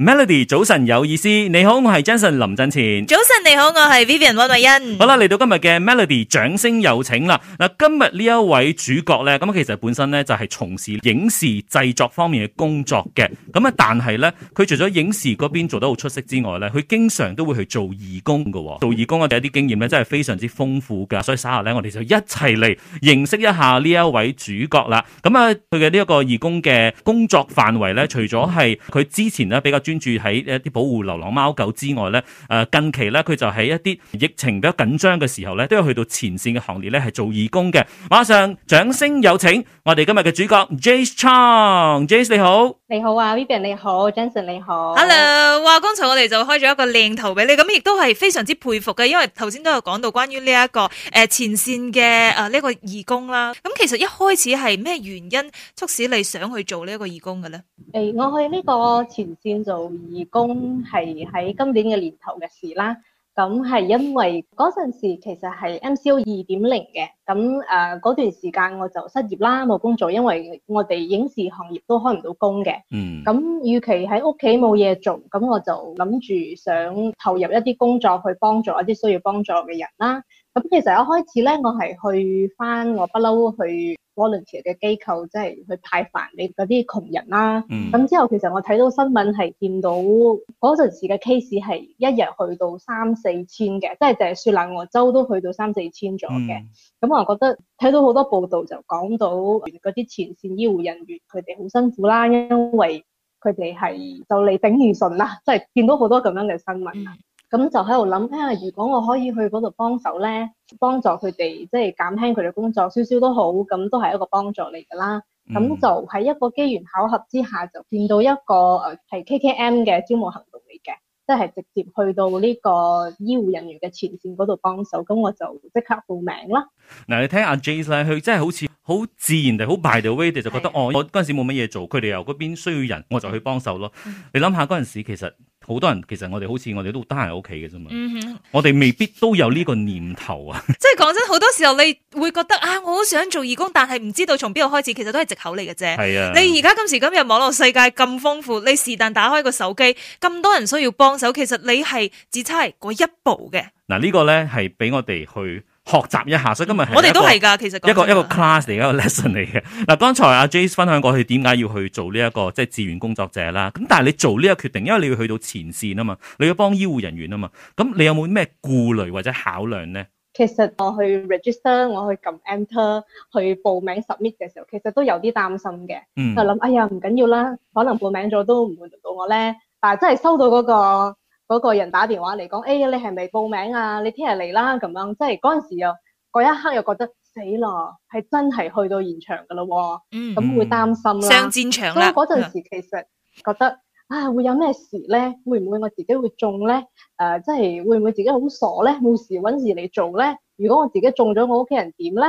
Melody，早晨有意思。你好，我係 Jason 林振前。早晨你好，我係 Vivian 溫慧欣。好啦，嚟到今日嘅 Melody 掌聲有請啦。嗱，今日呢一位主角咧，咁其實本身咧，就係從事影視製作方面嘅工作嘅。咁啊，但係咧，佢除咗影視嗰邊做得好出色之外咧，佢經常都會去做義工噶。做義工嘅一啲經驗咧，真係非常之豐富噶。所以稍後咧，我哋就一齊嚟認識一下呢一位主角啦。咁、嗯、啊，佢嘅呢一個義工嘅工作範圍咧，除咗係佢之前咧比較。專注喺一啲保護流浪貓狗之外咧，近期咧佢就喺一啲疫情比較緊張嘅時候咧，都有去到前線嘅行列咧，係做義工嘅。馬上掌聲有請我哋今日嘅主角 Jace Chong，Jace 你好。你好啊，Vivian 你好，Jensen 你好。Ensen, 你好 Hello，哇！剛才我哋就開咗一個靚頭俾你，咁亦都係非常之佩服嘅，因為頭先都有講到關於呢一個誒、呃、前線嘅誒呢個義工啦。咁其實一開始係咩原因促使你想去做呢一個義工嘅咧？誒、欸，我去呢個前線做義工係喺今年嘅年頭嘅事啦。咁係因為嗰陣時其實係 MCO 二點零嘅，咁誒嗰段時間我就失業啦，冇工作，因為我哋影視行業都開唔到工嘅。嗯。咁與其喺屋企冇嘢做，咁我就諗住想投入一啲工作去幫助一啲需要幫助嘅人啦。咁其實一開始咧，我係去翻我不嬲去 Volunteer 嘅機構，即係去派飯俾嗰啲窮人啦。咁之後其實我睇到新聞係見到嗰陣時嘅 case 係一日去到三四千嘅，即係就係雪蘭莪州都去到三四千咗嘅。咁我覺得睇到好多報道就講到嗰啲前線醫護人員佢哋好辛苦啦，因為佢哋係就嚟頂唔順啦，即係見到好多咁樣嘅新聞。嗯。咁就喺度諗，啊，如果我可以去嗰度幫手咧，幫助佢哋，即係減輕佢哋工作，少少都好，咁都係一個幫助嚟噶啦。咁、嗯、就喺一個機緣巧合之下，就見到一個誒係 KKM 嘅招募行動嚟嘅，即、就、係、是、直接去到呢個醫護人員嘅前線嗰度幫手。咁我就即刻報名啦。嗱、嗯，你聽阿 Jase 咧，佢真係好似好自然地，好 by the way，就覺得的哦，我嗰陣時冇乜嘢做，佢哋又嗰邊需要人，我就去幫手咯。你諗下嗰陣時其實。好多人其實我哋好似我哋都得閒喺屋企嘅啫嘛，嗯、哼我哋未必都有呢個念頭啊，即，即係講真，好多時候你會覺得啊，我好想做義工，但係唔知道從邊度開始，其實都係藉口嚟嘅啫。係是啊，你而家今時今日網絡世界咁豐富，你是但打開個手機，咁多人需要幫手，其實你係只差嗰一步嘅。嗱、啊，這個、呢個咧係俾我哋去學習一下，所以今日我哋都係㗎，嗯、個其實一個一個 class 嚟，一個 lesson 嚟嘅。嗱，剛才阿 Jase 分享過佢點解要去做呢、這、一個即係志願工作者啦。咁但係你做呢一個決定，因為你要去到前線啊嘛，你要幫醫護人員啊嘛。咁你有冇咩顧慮或者考量咧？其實我去 register，我去撳 enter 去報名 submit 嘅時候，其實都有啲擔心嘅。嗯、就諗，哎呀，唔緊要啦，可能報名咗都唔會揾到我咧。但係真係收到嗰、那個。嗰個人打電話嚟講，誒、哎、你係咪報名啊？你聽日嚟啦，咁樣即係嗰陣時又嗰一刻又覺得死啦，係真係去到現場噶啦喎，咁、嗯、會擔心啦，上戰場啦。咁嗰陣時其實覺得啊，會有咩事咧？會唔會我自己會中咧？誒、呃，即係會唔會自己好傻咧？冇事揾事嚟做咧？如果我自己中咗，我屋企人點咧？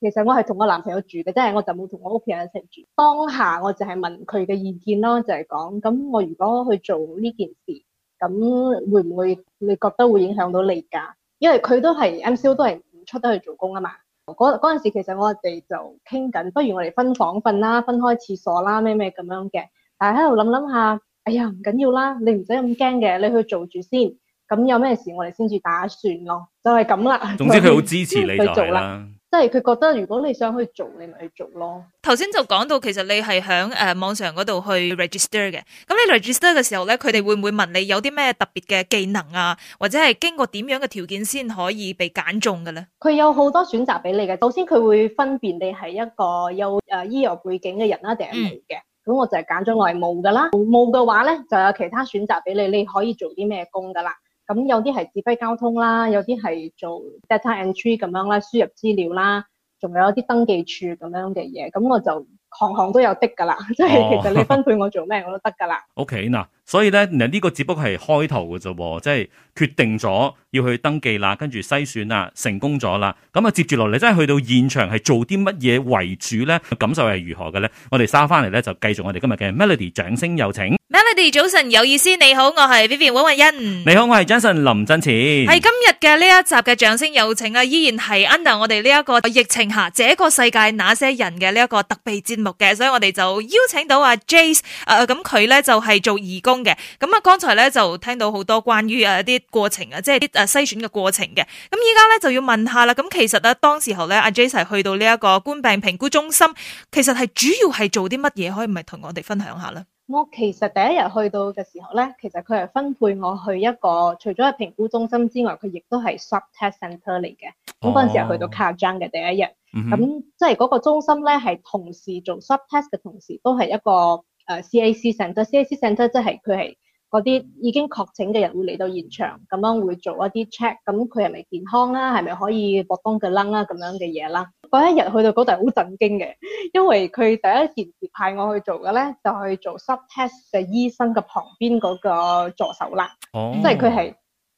其實我係同我男朋友住嘅即係，我就冇同我屋企人一齊住。當下我就係問佢嘅意見咯，就係講咁我如果去做呢件事。咁會唔會你覺得會影響到你㗎？因為佢都係 MCO，都係唔出得去做工啊嘛。嗰嗰陣時其實我哋就傾緊，不如我哋分房瞓啦，分開廁所啦，咩咩咁樣嘅。但係喺度諗諗下，哎呀唔緊要啦，你唔使咁驚嘅，你去做住先。咁有咩事我哋先至打算咯，就係咁啦。總之佢好支持你去 做啦了。 即係佢覺得如果你想去做，你咪去做咯。頭先就講到其實你係喺誒網上嗰度去 register 嘅。咁你 register 嘅時候咧，佢哋會唔會問你有啲咩特別嘅技能啊，或者係經過點樣嘅條件先可以被揀中嘅咧？佢有好多選擇俾你嘅。首先佢會分辨你係一個有誒醫藥背景嘅人、啊嗯、啦，定係冇嘅。咁我就係揀咗外務噶啦。外務嘅話咧，就有其他選擇俾你，你可以做啲咩工噶啦。咁有啲係指揮交通啦，有啲係做 data entry 咁樣啦，輸入資料啦，仲有啲登記處咁樣嘅嘢，咁我就行行都有的㗎啦，即係、哦、其實你分配我做咩我都得㗎啦。OK 嗱。所以咧，嗱呢個只不過係開頭嘅啫，即係決定咗要去登記啦，跟住篩選啦，成功咗啦，咁啊接住落嚟，真係去到現場係做啲乜嘢為主咧？感受係如何嘅咧？我哋收翻嚟咧就繼續我哋今日嘅 Melody 掌聲有請 Melody 早晨有意思你好，我係 Vivian 韋慧欣，你好，我係 Jason 林振前，係今日嘅呢一集嘅掌聲有請啊，依然係 under 我哋呢一個疫情下，這個世界那些人嘅呢一個特備節目嘅，所以我哋就邀請到阿 Jace，誒、呃、咁佢咧就係做義工。嘅咁啊，剛才咧就聽到好多關於一啲過程啊，即係啲誒篩選嘅過程嘅。咁依家咧就要問下啦。咁其實咧，當時候咧，阿 Jason 去到呢一個官病評估中心，其實係主要係做啲乜嘢？可以唔係同我哋分享下咧？我其實第一日去到嘅時候咧，其實佢係分配我去一個除咗係評估中心之外，佢亦都係 Subtest Center 嚟嘅。咁嗰陣時係去到 Kajang 嘅第一日，咁即係嗰個中心咧係同時做 Subtest 嘅同時，都係一個。誒、uh, CAC Center, CAC Center 即係佢係嗰啲已經確診嘅人會嚟到現場，咁樣會做一啲 check，咁佢係咪健康啦、啊，係咪可以駁、啊、東嘅 lung 啦，咁樣嘅嘢啦。嗰一日去到嗰度好震驚嘅，因為佢第一件事派我去做嘅咧，就係、去做 subtest 嘅醫生嘅旁邊嗰個助手啦，即係佢係。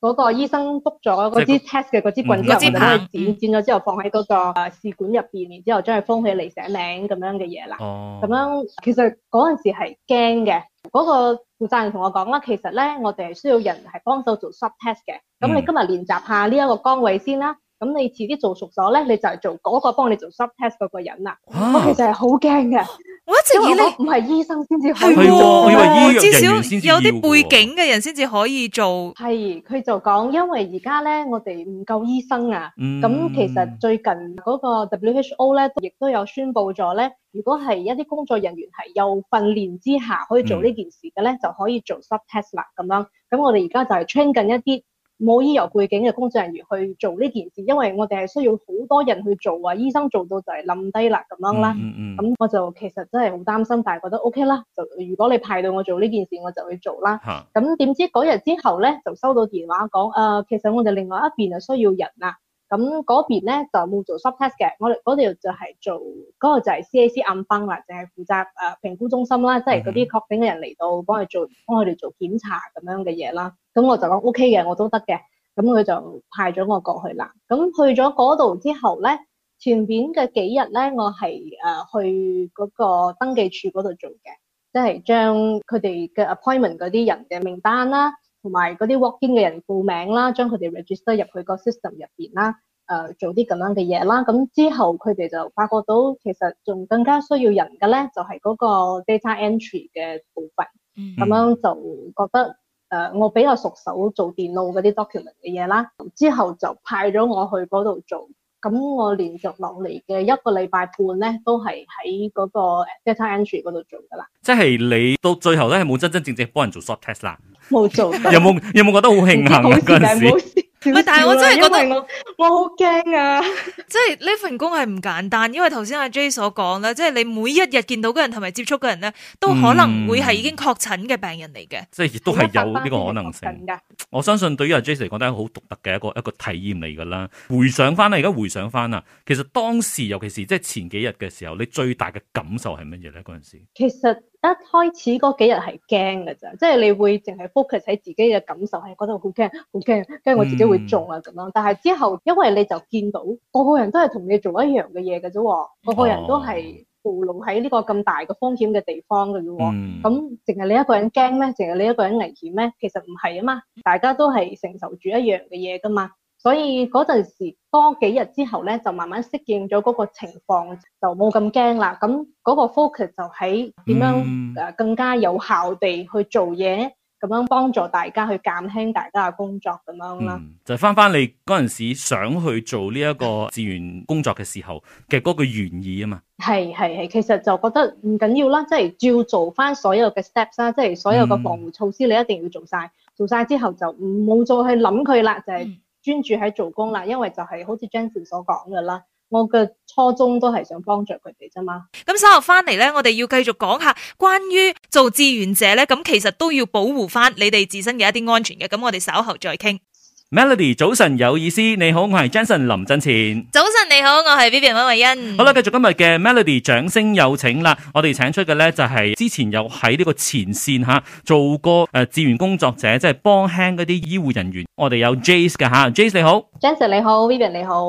嗰個醫生篤咗嗰支 test 嘅支棍之後，佢、嗯、剪剪咗之後放喺嗰個誒試管入邊，然之後將佢封起嚟寫名咁樣嘅嘢啦。咁、嗯、樣其實嗰陣時係驚嘅。嗰、嗰個負責人同我講啦，其實咧我哋係需要人係幫手做 sub test 嘅。咁你今日練習下呢一個崗位先啦。咁你遲啲做熟咗咧，你就係做嗰個幫你做 sub test 嗰個人啦。我、啊哦、其實係好驚嘅。What, 我一直以、哦哦、以為唔係醫生先至可以，係喎，至少有啲背景嘅人先至可以做。係佢就講，因為而家咧，我哋唔夠醫生啊。咁、嗯、其實最近嗰個 WHO 咧，亦都有宣布咗咧，如果係一啲工作人員係有訓練之下可以做呢件事嘅咧，嗯、就可以做 subtest 啦咁樣。咁我哋而家就係 train 緊一啲，冇醫療背景嘅工作人員去做呢件事，因為我哋係需要好多人去做啊。醫生做到就係冧低啦咁樣啦。咁、mm hmm. 嗯、我就其實真係好擔心，但係覺得 O K 啦。就如果你派到我做呢件事，我就去做啦。咁點 Huh.、嗯、知嗰日之後咧，就收到電話講，誒、呃，其實我哋另外一邊啊需要人啊。咁嗰邊咧就冇做 subtest 嘅，我哋嗰度就係做嗰、那個就係 C A C 暗分啦，淨係負責誒評、呃、估中心啦，即係嗰啲確診嘅人嚟到幫佢做幫佢哋做檢查咁樣嘅嘢啦。咁我就講 OK 嘅，我都得嘅。咁佢就派咗我過去啦。咁去咗嗰度之後咧，前邊嘅幾日咧，我係誒、呃、去嗰個登記處嗰度做嘅，即係將佢哋嘅 appointment 嗰啲人嘅名單啦，同埋嗰啲 working 嘅人報名啦，將佢哋 register 入去個 system 入邊啦，誒、呃、做啲咁樣嘅嘢啦。咁之後佢哋就發覺到其實仲更加需要人嘅咧，就係、是、嗰個 data entry 嘅部分。嗯、mm，咁、hmm. 樣就覺得。誒，uh, 我比較熟手做電腦嗰啲 document 嘅嘢啦，之後就派咗我去嗰度做，咁我連續落嚟嘅一個禮拜半咧，都係喺嗰個 data entry 嗰度做㗎喇。即係你到最後咧，係冇真真正正幫人做 short s h o r t test 啦，冇做。 有冇有冇覺得慶、啊、好慶幸嗰陣時？唔係，小小但係我真係覺得我我好驚啊！即係呢份工係唔簡單，因為頭先阿 J 所講咧，即係你每一日見到嘅人同埋接觸嘅人咧，都可能會係已經確診嘅病人嚟嘅，嗯，即係亦都係有呢個可能性。嗯嗯嗯，我相信對於阿 J 嚟講，都係好獨特嘅一個一個體驗嚟噶啦。回想翻啦，而家回想翻啦，其實當時尤其是即係前幾日嘅時候，你最大嘅感受係乜嘢咧？嗰陣時其實。一開始嗰幾日係驚㗎咋，即係你會淨係 focus 喺自己嘅感受，係覺得好驚、好驚、驚我自己會中啊咁樣。但係之後，因為你就見到個個人都係同你做一樣嘅嘢㗎咋喎，個個人都係暴露喺呢個咁大嘅風險嘅地方㗎咋喎，咁淨係你一個人驚咩？淨係你一個人危險咩？其實唔係啊嘛，大家都係承受住一樣嘅嘢噶嘛。所以嗰陣時多幾日之後咧，就慢慢適應咗嗰個情況，就冇咁驚啦。咁嗰個 focus 就喺點樣誒，更加有效地去做嘢，咁、嗯、樣幫助大家去減輕大家嘅工作咁樣啦、嗯。就翻、是、翻你嗰陣時想去做呢一個志願工作嘅時候嘅嗰、就是、個原意啊嘛，係係係，其實就覺得唔緊要啦，即係照做翻所有嘅 steps 啦，即、就、係、是、所有嘅防護措施你一定要做晒，嗯、做晒之後就冇再去諗佢啦，就係、是。專注喺做工啦，因為就係、是、好似 Jensen 所講嘅啦，我嘅初衷都係想幫助佢哋啫嘛。咁稍後翻嚟咧，我哋要繼續講下關於做志願者咧，咁其實都要保護翻你哋自身嘅一啲安全嘅。咁我哋稍後再傾。Melody，早晨有意思，你好，我係 Jason 林振前。早晨你好，我係 Vivian 溫慧欣。好啦，繼續今日嘅 Melody 掌聲有請啦，我哋請出嘅咧就係之前有喺呢個前綫吓做過誒，志、呃、願工作者即係幫輕嗰啲醫護人員，我哋有 Jace 嘅吓，Jace 你好，Jason 你好，Vivian 你好。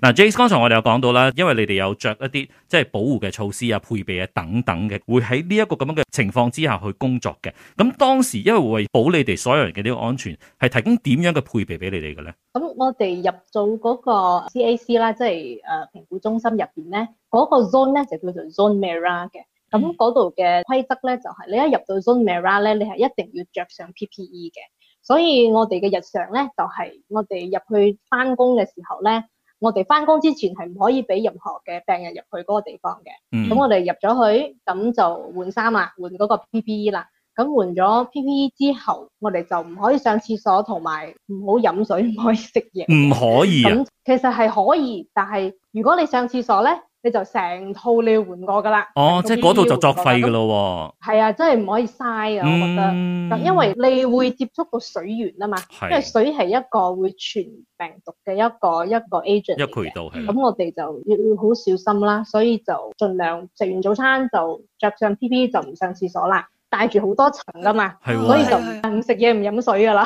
嗱，Jace 剛才我哋有講到啦，因為你哋有着一啲即係保護嘅措施啊、配備啊等等嘅，會喺呢一個咁樣嘅情況之下去工作嘅。咁當時因為為保你哋所有人嘅呢個安全，係提供點樣嘅配備？俾你哋嘅咧，咁我哋入到嗰個 CAC 啦，即係誒評估中心入邊咧，嗰、那個 zone 咧就叫做 zone mirror 嘅。咁嗰度嘅規則咧就係、是、你一入到 zone mirror 咧，你係一定要着上 PPE 嘅。所以我哋嘅日常咧就係、是、我哋入去返工嘅時候咧，我哋返工之前係唔可以俾任何嘅病人入去嗰個地方嘅。咁、嗯、我哋入咗去，咁就換衫啦，換嗰個 PPE 啦。咁換咗 PPE 之後，我哋就唔可以上廁所，同埋唔好飲水，唔可以食嘢。唔可以啊！嗯、其實係可以，但係如果你上廁所咧，你就成套你要換過噶啦。哦，P 即係嗰度就作廢噶咯喎。係啊，真係唔可以嘥啊！我覺得，因為你會接觸到水源啊嘛，是因為水係一個會傳病毒嘅一個一個 agent。一渠道係。咁我哋就要好小心啦，所以就盡量食完早餐就着上 PPE 就唔上廁所啦。帶住好多層噶嘛，的所以就唔食嘢唔飲水噶啦。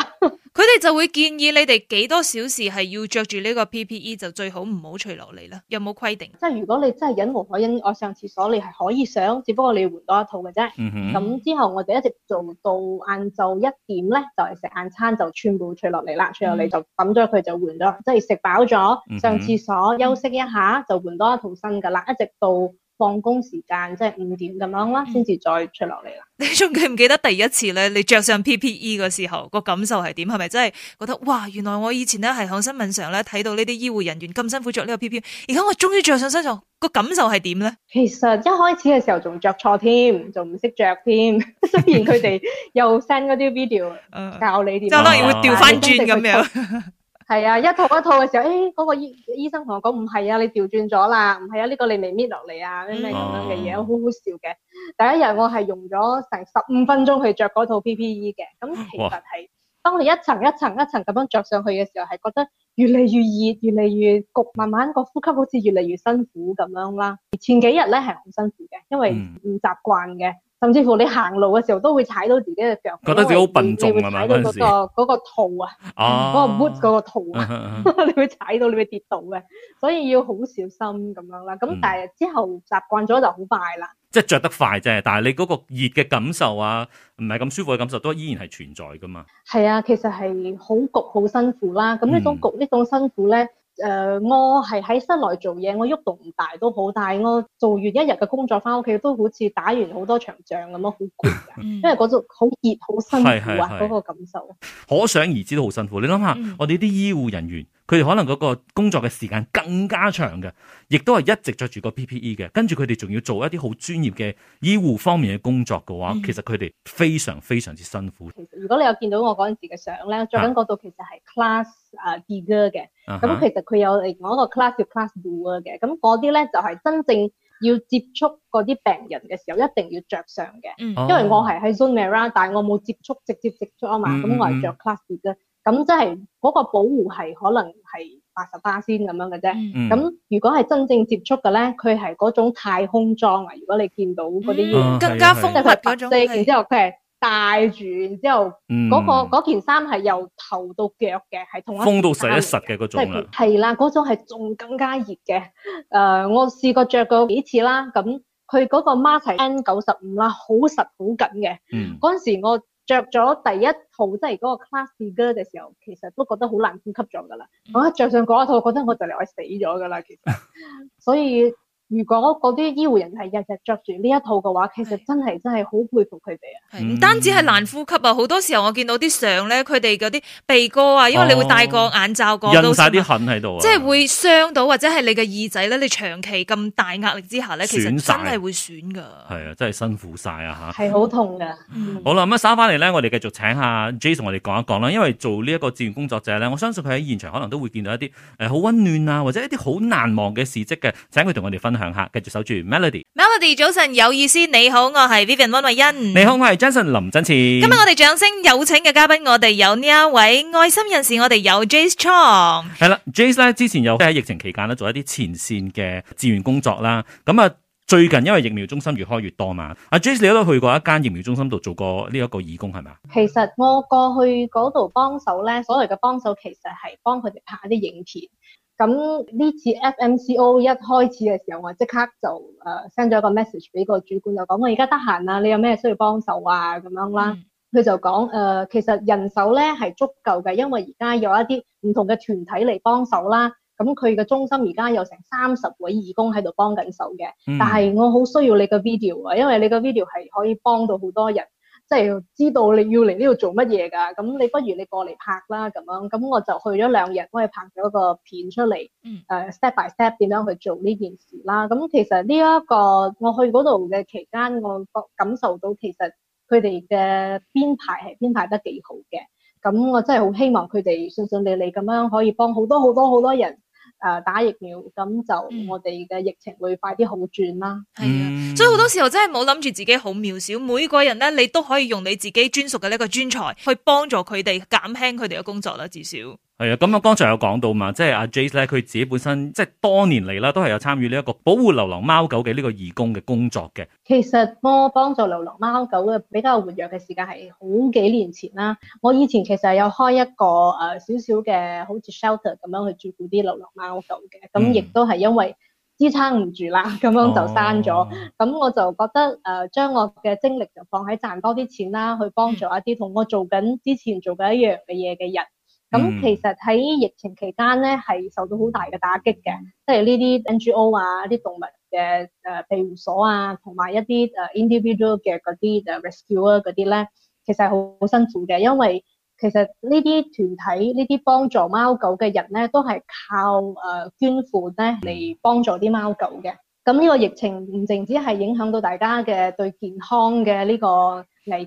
佢 哋就會建議你哋幾多小時係要着住呢個 PPE 就最好唔好除落嚟啦。有冇規定？即係如果你真係忍無可忍，我上廁所你係可以上，只不過你要換多一套嘅啫。咁、嗯、哼之後我哋一直做到晏晝一點咧，就係食晏餐就全部除落嚟啦，除落嚟就抌咗佢就換咗，即係食飽咗上廁所休息一下就換多一套新噶啦，一直到。放工時間即係五點咁樣啦，先至再出落嚟啦。你仲記唔記得第一次咧，你着上 P P E 嘅時候，個感受係點？係咪真係覺得哇，原來我以前咧係喺新聞上咧睇到呢啲醫護人員咁辛苦着呢個 P P E，而家我終於着上身上，個感受係點咧？其實一開始嘅時候仲着錯添，仲唔識着添。雖然佢哋又 send 嗰啲 video 教你點、嗯，即當然會掉翻轉咁樣。 係啊，一套一套嘅時候，誒、哎，嗰個醫醫生同我講，唔係啊，你調轉咗啦，唔係啊，呢個你未搣落嚟啊，咩咩咁樣嘅嘢，好、oh. 好笑嘅。第一日我係用咗成十五分鐘去着嗰套 PPE 嘅，咁其實係，哇當你一層一層一層咁樣着上去嘅時候，係覺得越嚟越熱，越嚟越焗，慢慢個呼吸好似越嚟越辛苦咁樣啦。前幾日咧係好辛苦嘅，因為唔習慣嘅。嗯甚至乎你行路嘅時候都會踩到自己嘅腳，覺得自己好笨重係嘛，嗰陣時？你你踩到嗰、嗰個套啊，嗰個 b、嗰個嗰個、啊，啊 你會踩到，你會跌到嘅，所以要好小心咁樣啦。咁但係之後習慣咗就好快啦。即係着得快啫，但係你嗰個熱嘅感受啊，唔係咁舒服嘅感受都依然係存在噶嘛。係啊，其實係好焗好辛苦啦。咁呢種焗呢、嗯、種辛苦咧。誒、呃，我係喺室內做嘢，我喐動唔大都好，但係我做完一日嘅工作，翻屋企都好似打完好多場仗咁咯，好攰㗎， 因為嗰度好熱，好辛苦啊，嗰個感受。可想而知都好辛苦，你諗下、嗯、我哋啲醫護人員。佢哋可能嗰個工作嘅時間更加長嘅，亦都係一直着住個 PPE 嘅。跟住佢哋仲要做一啲好專業嘅醫護方面嘅工作嘅話，嗯、其實佢哋非常非常之辛苦。其實如果你有見到我嗰陣時嘅相咧，着緊嗰度其實係 class 啊 gear 嘅，咁其實佢有另外一個 class 嘅 class gear 嘅。咁嗰啲咧就係、是、真正要接觸嗰啲病人嘅時候，一定要着上嘅。嗯、因為我係喺 Zoom around 但係我冇接觸直接接觸啊嘛，咁、嗯嗯、我係着 class gear。咁即係嗰個保護係可能係八十巴仙咁樣嘅啫。咁、嗯、如果係真正接觸嘅咧，佢係嗰種太空裝啊！如果你見到嗰啲、嗯、更加封密嗰種，然之後佢係戴住，然之後嗰件衫係由頭到腳嘅，係同一封到實一實嘅嗰種啦。係啦、即係，嗰種係仲更加熱嘅。誒、呃，我試過着過幾次啦。咁佢嗰個 mask 係 N 九十五啦，好實好緊嘅。嗰陣時我。着咗第一套即係嗰個 classy girl 嘅時候，其實都覺得好難呼吸咗噶啦。Mm hmm. 我一着上嗰一套，我覺得我就嚟我死咗噶啦。其實， 所以。如果嗰啲醫護人係日日着住呢一套嘅話，其實真係是真係好佩服佢哋啊！唔、嗯、單止係難呼吸啊，好多時候我見到啲相咧，佢哋嗰啲鼻哥啊，因為你會戴個眼罩、那個，哦、印曬啲痕喺度啊！即係會傷到，啊、或者係你嘅耳仔咧。你長期咁大壓力之下咧，了其實真係會損㗎。係啊，真係辛苦晒啊！吓，係、嗯、好痛㗎。好啦，咁啊，收翻嚟咧，我哋繼續請下 Jason，我哋講一講啦。因為做呢一個志願工作者咧，我相信佢喺現場可能都會見到一啲誒好溫暖啊，或者一啲好難忘嘅事蹟嘅，請佢同我哋分享。乘客，繼續守住 melody。melody 早晨有意思，你好，我係 Vivian 溫慧欣。你好，我係 Jason 林振前。今日我哋掌聲有請嘅嘉賓，我哋有呢一位愛心人士我，我哋有 Jace Chong。係啦，Jace 咧之前有喺疫情期間咧做一啲前線嘅志願工作啦。咁、嗯、啊，最近因為疫苗中心越開越多嘛，阿、啊、Jace 你都去過一間疫苗中心度做過呢一個義工係咪？其實我過去嗰度幫手咧，所謂嘅幫手其實係幫佢哋拍一啲影片。咁呢次 FMCO 一開始嘅時候，我即刻就誒 send 咗一個 message 俾個主管就講：「我而家得閒啦，你有咩需要幫手啊咁樣啦。佢、嗯、就講：呃「誒，其實人手咧係足夠嘅，因為而家有一啲唔同嘅團體嚟幫手啦。咁佢嘅中心而家有成三十位義工喺度幫緊手嘅，但係我好需要你個 video 啊，因為你個 video 係可以幫到好多人。即係知道你要嚟呢度做乜嘢噶，咁你不如你過嚟拍啦，咁樣，咁我就去咗兩日，我係拍咗個片出嚟，誒、嗯呃、step by step 點樣去做呢件事啦。咁其實呢、這、一個我去度嘅期間，我感受到其實佢哋嘅編排係編排得幾好嘅，咁我真係好希望佢哋順順利利咁樣可以幫好多好多好多多人。誒、呃，打疫苗咁就我哋嘅疫情會快啲好轉啦。係啊，所以好多時候真係冇諗住自己好渺小，每個人咧你都可以用你自己專屬嘅呢個專才去幫助佢哋減輕佢哋嘅工作啦，至少。誒，咁啊，剛才有講到嘛，即係阿 Jace 咧，佢自己本身即係多年嚟啦，都係有參與呢一個保護流浪貓狗嘅呢個義工嘅工作嘅。其實我幫助流浪貓狗嘅比較活躍嘅時間係好幾年前啦、啊。我以前其實係有開一個誒少少嘅好似 shelter 咁樣去照顧啲流浪貓狗嘅，咁亦都係因為支撐唔住啦，咁、嗯、樣就刪咗。咁、哦、我就覺得誒，將、呃、我嘅精力就放喺賺多啲錢啦、啊，去幫助一啲同我做緊之前做緊一樣嘅嘢嘅人。咁、嗯、其實喺疫情期間咧，係受到好大嘅打擊嘅，即係呢啲 NGO 啊，啲動物嘅誒、呃、庇護所啊，同埋一啲誒、呃、individual 嘅嗰啲誒 rescuer 啊嗰啲咧，其實係好好辛苦嘅，因為其實呢啲團體、呢啲幫助貓狗嘅人咧，都係靠誒、呃、捐款咧嚟幫助啲貓狗嘅。咁呢個疫情唔淨止係影響到大家嘅對健康嘅呢個危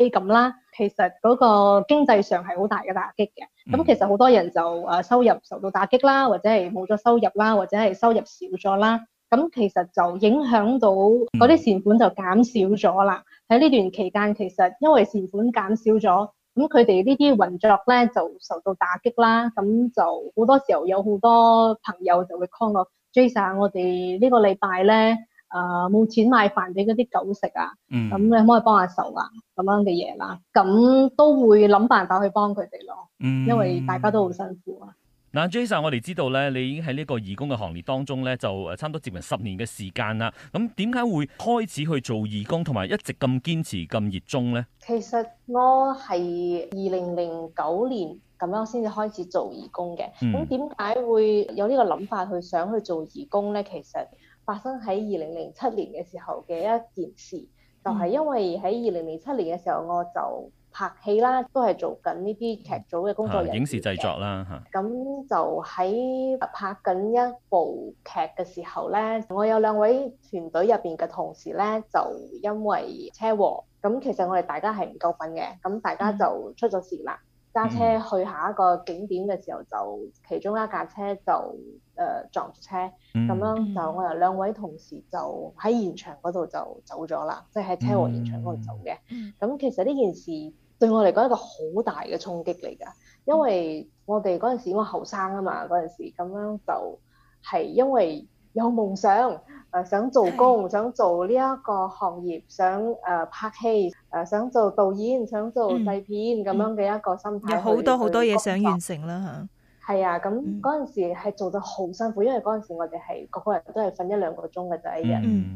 機感啦。其實嗰個經濟上係好大嘅打擊嘅，咁其實好多人就誒收入受到打擊啦，或者係冇咗收入啦，或者係收入少咗啦，咁其實就影響到嗰啲善款就減少咗啦。喺呢段期間，其實因為善款減少咗，咁佢哋呢啲運作咧就受到打擊啦，咁就好多時候有好多朋友就會 call 我，Jason，我哋呢個禮拜咧。誒，冇、呃、錢買飯俾嗰啲狗食啊，咁你可唔可以幫下手啊？咁樣嘅嘢啦，咁都會諗辦法去幫佢哋咯，嗯、因為大家都好辛苦啊。嗱、嗯，Jason，我哋知道咧，你已經喺呢個義工嘅行列當中咧，就誒差唔多接近十年嘅時間啦。咁點解會開始去做義工，同埋一直咁堅持咁熱衷咧？呢，其實我係二零零九年咁樣先至開始做義工嘅。咁點解會有呢個諗法去想去做義工咧？其實。發生喺二零零七年嘅時候嘅一件事，就係、是、因為喺二零零七年嘅時候，我就拍戲啦，都係做緊呢啲劇組嘅工作人。係、啊、影視製作啦，嚇、啊。咁就喺拍緊一部劇嘅時候呢，我有兩位團隊入邊嘅同事呢，就因為車禍，咁其實我哋大家係唔夠瞓嘅，咁大家就出咗事啦。嗯揸車去下一個景點嘅時候就，就其中一架車就誒、呃、撞車，咁、嗯、樣就我由兩位同事就喺現場嗰度就走咗啦，即係喺車禍現場嗰度走嘅。咁、嗯、其實呢件事對我嚟講係一個好大嘅衝擊嚟㗎，因為我哋嗰陣時我後生啊嘛，嗰陣時咁樣就係因為有夢想。誒、呃、想做工，想做呢一個行業，想誒、呃、拍戲，誒、呃、想做導演，嗯、想做製片咁樣嘅一個心態，有好多好多嘢想完成啦嚇。係啊，咁嗰陣時係做得好辛苦，因為嗰陣時我哋係個個人都係瞓一兩個鐘嘅第一日。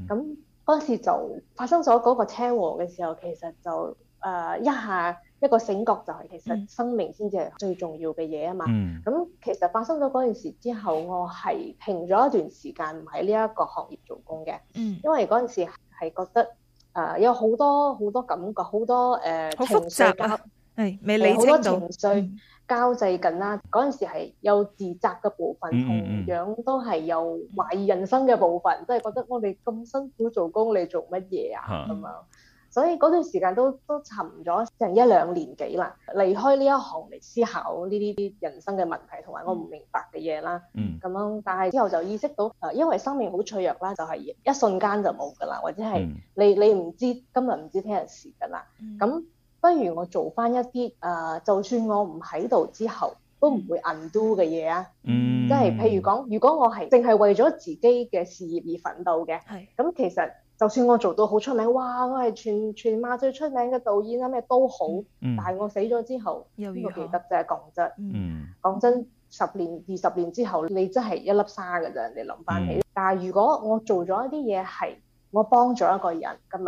咁嗰陣時就發生咗嗰個車禍嘅時候，其實就。誒、uh, 一下一個醒覺就係其實生命先至係最重要嘅嘢啊嘛，咁、嗯、其實發生咗嗰件事之後，我係停咗一段時間唔喺呢一個行業做工嘅，嗯、因為嗰陣時係覺得誒、呃、有好多好多感覺，好多誒情緒，係未理清楚，好多情緒交際緊啦。嗰陣、嗯嗯、時係有自責嘅部分，嗯嗯、同樣都係有懷疑人生嘅部分，即係、嗯嗯、覺得我哋咁辛苦做工，你做乜嘢啊咁樣？嗯嗯所以嗰段時間都都沉咗成一兩年幾啦，離開呢一行嚟思考呢啲啲人生嘅問題，同埋我唔明白嘅嘢啦。嗯。咁樣，但係之後就意識到，誒、呃，因為生命好脆弱啦，就係、是、一瞬間就冇㗎喇，或者係你、嗯、你唔知今日唔知聽日事㗎喇。咁、嗯，不如我做返一啲誒、呃，就算我唔喺度之後，嗯、都唔會 undo 嘅嘢啊。嗯。即係譬如講，如果我係淨係為咗自己嘅事業而奮鬥嘅，係、嗯。咁其實。嗯嗯嗯就算我做到好出名，哇！我係全全馬最出名嘅導演啊咩都好，嗯、但係我死咗之後，邊個記得啫？講真、嗯，講真，十年二十年之後，你真係一粒沙㗎啫。你諗翻起，嗯、但係如果我做咗一啲嘢係我幫咗一個人今日，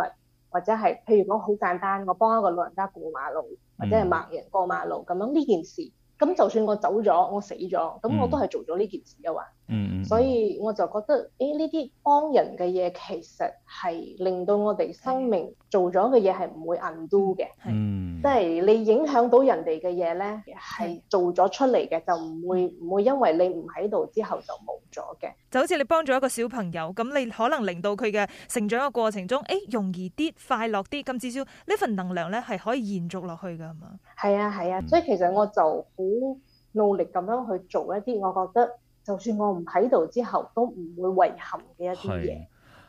或者係譬如我好簡單，我幫一個老人家過馬路，或者係盲人過馬路咁、嗯、樣呢件事。咁就算我走咗，我死咗，咁我都係做咗呢件事嘅話，嗯，嗯，所以我就覺得，誒呢啲幫人嘅嘢其實係令到我哋生命做咗嘅嘢係唔會 undo 嘅，係、嗯，即係你影響到人哋嘅嘢咧，係做咗出嚟嘅，的就唔會唔會因為你唔喺度之後就冇咗嘅。就好似你幫咗一個小朋友，咁你可能令到佢嘅成長嘅過程中，誒、哎、容易啲、快樂啲，咁至少呢份能量咧係可以延續落去噶嘛。係啊，係啊，所以其實我就好努力咁樣去做一啲，我覺得就算我唔喺度之後，都唔會遺憾嘅一啲嘢。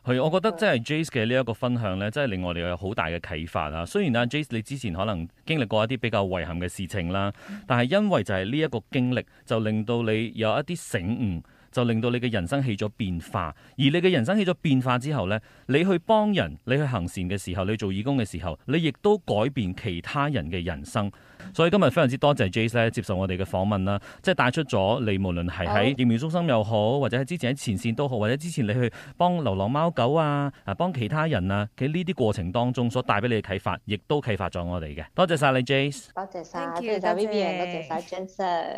係，係，我覺得真係 Jace 嘅呢一個分享咧，真係令我哋有好大嘅啟發啊！雖然咧、啊、Jace 你之前可能經歷過一啲比較遺憾嘅事情啦，但係因為就係呢一個經歷，就令到你有一啲醒悟。就令到你嘅人生起咗變化，而你嘅人生起咗變化之後呢，你去幫人、你去行善嘅時候、你做義工嘅時候，你亦都改變其他人嘅人生。所以今日非常之多謝 Jase 咧接受我哋嘅訪問啦，即係帶出咗你無論係喺疫苗中心又好，或者喺之前喺前線都好，或者之前你去幫流浪貓狗啊、啊幫其他人啊，喺呢啲過程當中所帶俾你嘅啟發，亦都啟發咗我哋嘅。多謝晒你，Jase。多謝曬，多謝 d